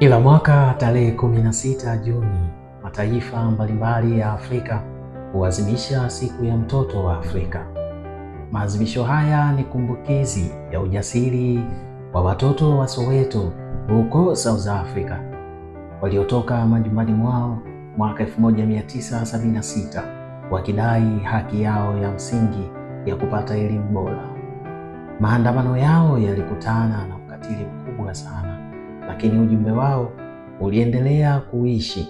Kila mwaka tarehe 16 Juni, mataifa mbalimbali ya Afrika huadhimisha siku ya mtoto wa Afrika. Maadhimisho haya ni kumbukizi ya ujasiri wa watoto wa Soweto huko South Africa waliotoka majumbani mwao mwaka 1976 wakidai haki yao ya msingi ya kupata elimu bora. Maandamano yao yalikutana na ukatili mkubwa sana lakini ujumbe wao uliendelea kuishi,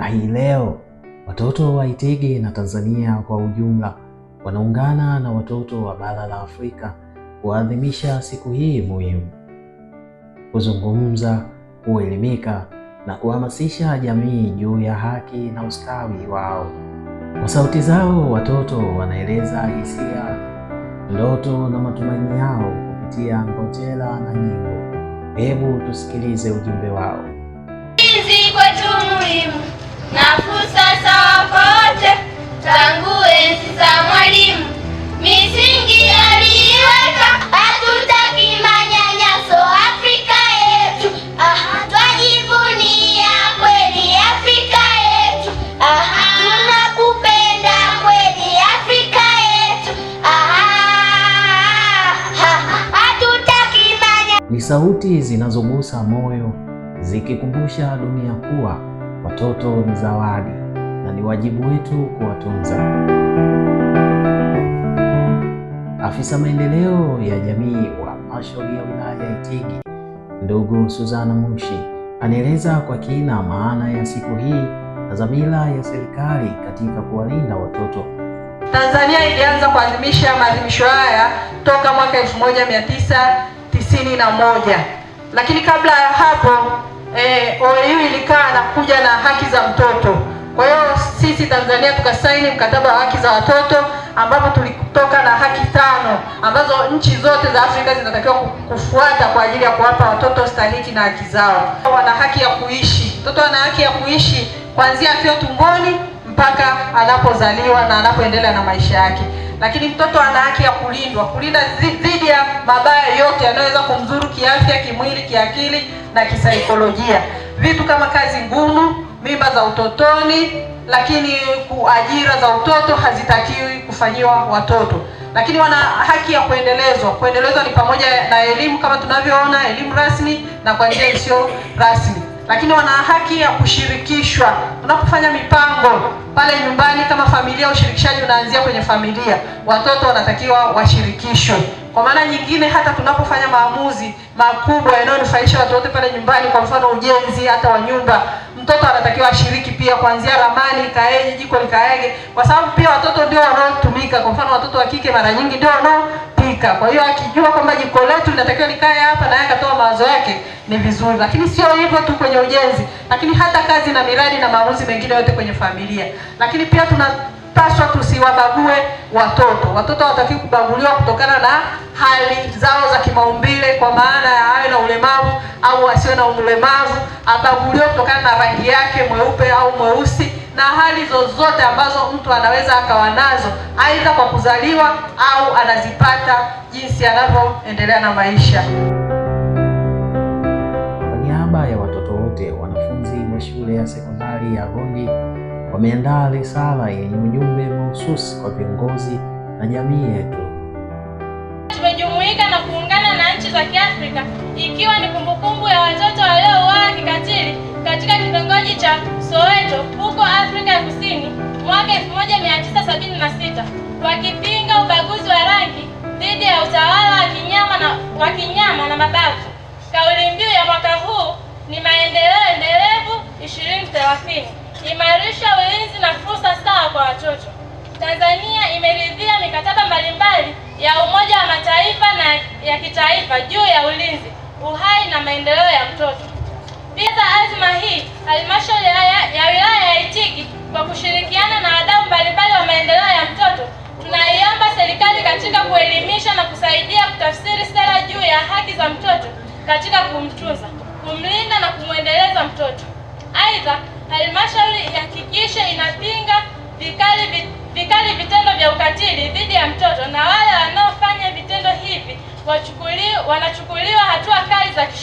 na hii leo watoto wa Itigi na Tanzania kwa ujumla wanaungana na watoto wa bara la Afrika kuadhimisha siku hii muhimu, kuzungumza, kuelimika na kuhamasisha jamii juu ya haki na ustawi wao. Kwa sauti zao, watoto wanaeleza hisia, ndoto na matumaini yao kupitia ngojera na nyimbo. Hebu tusikilize ujumbe wao. Hizi kwetu muhimu na fursa sauti zinazogusa moyo zikikumbusha dunia kuwa watoto ni zawadi na ni wajibu wetu kuwatunza. Afisa maendeleo ya jamii wa halmashauri ya wilaya ya Itigi, ndugu Suzana Mushi, anaeleza kwa kina maana ya siku hii na dhamira ya serikali katika kuwalinda watoto. Tanzania ilianza kuadhimisha maadhimisho haya toka mwaka 19 tisini na moja. Lakini kabla ya hapo eh, OAU ilikaa na kuja na haki za mtoto. Kwa hiyo sisi Tanzania tukasaini mkataba wa haki za watoto ambapo tulitoka na haki tano ambazo nchi zote za Afrika zinatakiwa kufuata kwa ajili ya kuwapa watoto stahiki na haki zao. Wana haki ya kuishi, mtoto ana haki ya kuishi kuanzia akiwa tumboni mpaka anapozaliwa na anapoendelea na maisha yake lakini mtoto ana haki ya kulindwa, kulinda dhidi ya mabaya yote yanayoweza kumdhuru kiafya, kimwili, kiakili na kisaikolojia, vitu kama kazi ngumu, mimba za utotoni, lakini ajira za utoto hazitakiwi kufanyiwa watoto lakini wana haki ya kuendelezwa. Kuendelezwa ni pamoja na elimu kama tunavyoona, elimu rasmi na kwa njia isiyo rasmi lakini wana haki ya kushirikishwa unapofanya mipango pale nyumbani kama familia. Ushirikishaji unaanzia kwenye familia, watoto wanatakiwa washirikishwe. Kwa maana nyingine, hata tunapofanya maamuzi makubwa yanayonufaisha watu wote pale nyumbani, kwa mfano ujenzi hata wa nyumba, mtoto anatakiwa ashiriki pia, kuanzia ramani ikaeje, jiko likaege, kwa sababu pia watoto ndio wanaotumika. Kwa mfano watoto wa kike mara nyingi ndio wanao kufika. Kwa hiyo akijua kwamba jiko letu linatakiwa likae hapa na yeye akatoa mawazo yake ni vizuri, lakini sio hivyo tu kwenye ujenzi, lakini hata kazi na miradi na maamuzi mengine yote kwenye familia. Lakini pia tunapaswa tusiwabague watoto. Watoto hawataki kubaguliwa kutokana na hali zao za kimaumbile, kwa maana ya awe na ulemavu au asiwe na ulemavu, abaguliwe kutokana na rangi yake, mweupe au mweusi na hali zozote ambazo mtu anaweza akawa nazo, aidha kwa kuzaliwa au anazipata jinsi anavyoendelea na maisha. Kwa niaba ya watoto wote wanafunzi wa shule ya sekondari ya Gondi wameandaa risala yenye ujumbe mahususi kwa viongozi na jamii yetu. Tumejumuika na kuungana na nchi za Kiafrika ikiwa ni kumbukumbu ya watoto waliouawa kikatili katika kitongoji cha Soweto mwaka 1976 wakipinga ubaguzi wa rangi dhidi ya utawala wa kinyama na, wa kinyama na mabavu. Kauli mbiu ya mwaka huu ni maendeleo endelevu 2030, imarisha ulinzi na fursa sawa kwa watoto. Tanzania imeridhia mikataba mbalimbali ya Umoja wa Mataifa na ya kitaifa juu ya ulinzi, uhai na maendeleo ya mtoto. Pia azma hii halmashauri ya wilaya ya Itigi kwa kushiriki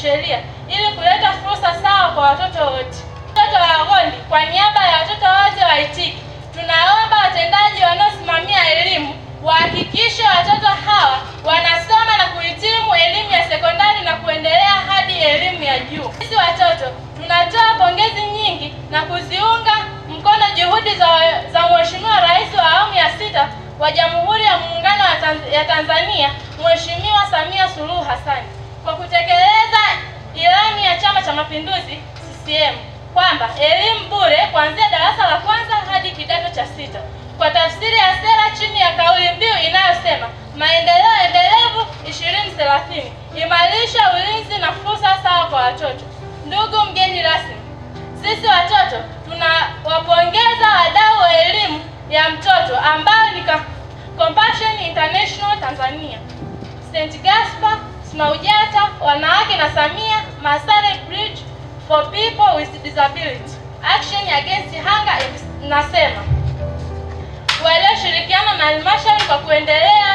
kisheria ili kuleta fursa sawa kwa watoto wote. Watoto wa Agondi, kwa niaba ya watoto wote wa Itiki, tunaomba watendaji wanaosimamia elimu wahakikishe watoto hawa wanasoma na kuhitimu elimu ya sekondari na kuendelea hadi elimu ya juu. Sisi watoto tunatoa pongezi nyingi na kuziunga mkono juhudi za, za Mheshimiwa Rais wa awamu ya sita wa Jamhuri ya Muungano ya Tanzania, Mheshimiwa Samia Suluhu Hassan. Mapinduzi CCM kwamba elimu bure kuanzia darasa la kwanza hadi kidato cha sita kwa tafsiri ya sera chini ya kauli mbiu inayosema maendeleo endelevu 2030 imarisha ulinzi na fursa sawa kwa watoto. Ndugu mgeni rasmi, sisi watoto tunawapongeza wadau wa elimu ya mtoto ambayo ni Compassion International Tanzania, St. Gaspar, Smaujata, wanawake na Samia Masare Bridge for people with disability, action against hunger inasema kuelewa na halmashauri kwa kuendelea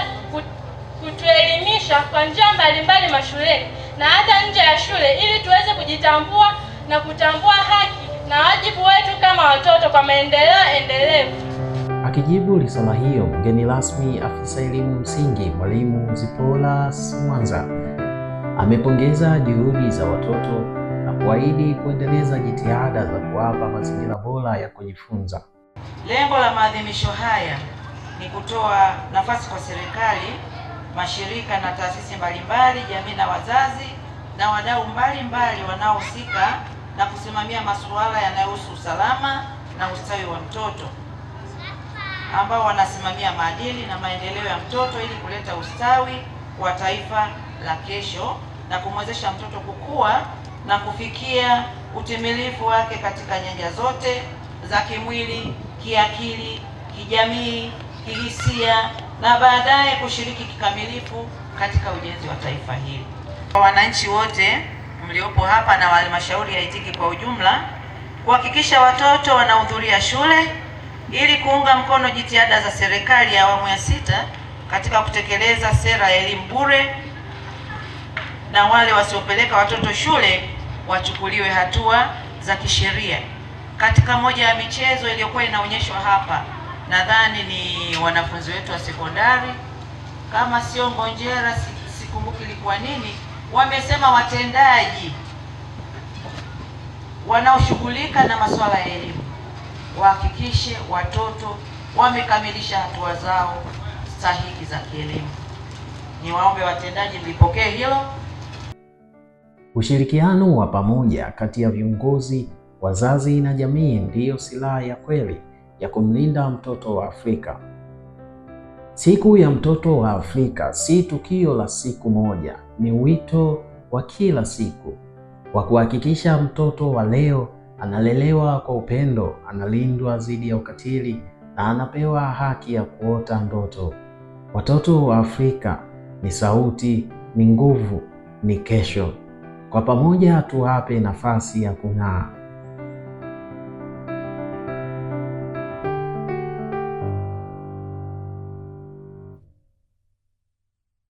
kutuelimisha kwa njia mbalimbali mashuleni na hata nje ya shule ili tuweze kujitambua na kutambua haki na wajibu wetu kama watoto kwa maendeleo endelevu. Akijibu lisala hiyo, mgeni rasmi afisa elimu msingi Mwalimu zipola Mwanza Amepongeza juhudi za watoto na kuahidi kuendeleza jitihada za kuwapa mazingira bora ya kujifunza. Lengo la maadhimisho haya ni kutoa nafasi kwa serikali, mashirika na taasisi mbalimbali, jamii na wazazi na wadau mbalimbali wanaohusika na kusimamia masuala yanayohusu usalama na ustawi wa mtoto ambao wanasimamia maadili na maendeleo ya mtoto ili kuleta ustawi wa taifa la kesho na kumwezesha mtoto kukua na kufikia utimilifu wake katika nyanja zote za kimwili, kiakili, kijamii, kihisia na baadaye kushiriki kikamilifu katika ujenzi wa taifa hili. Kwa wananchi wote mliopo hapa na halmashauri ya Itigi kwa ujumla, kuhakikisha watoto wanahudhuria shule ili kuunga mkono jitihada za serikali ya awamu ya sita katika kutekeleza sera ya elimu bure na wale wasiopeleka watoto shule wachukuliwe hatua za kisheria. Katika moja ya michezo iliyokuwa inaonyeshwa hapa, nadhani ni wanafunzi wetu wa sekondari, kama sio Ngonjera, sikumbuki ilikuwa nini, wamesema watendaji wanaoshughulika na masuala ya elimu wahakikishe watoto wamekamilisha hatua zao stahiki za kielimu. Niwaombe watendaji mlipokee hilo. Ushirikiano wa pamoja kati ya viongozi, wazazi na jamii ndiyo silaha ya kweli ya kumlinda mtoto wa Afrika. Siku ya mtoto wa Afrika si tukio la siku moja, ni wito wa kila siku wa kuhakikisha mtoto wa leo analelewa kwa upendo, analindwa dhidi ya ukatili na anapewa haki ya kuota ndoto. Watoto wa Afrika ni sauti, ni nguvu, ni kesho. Kwa pamoja tuwape nafasi ya kung'aa.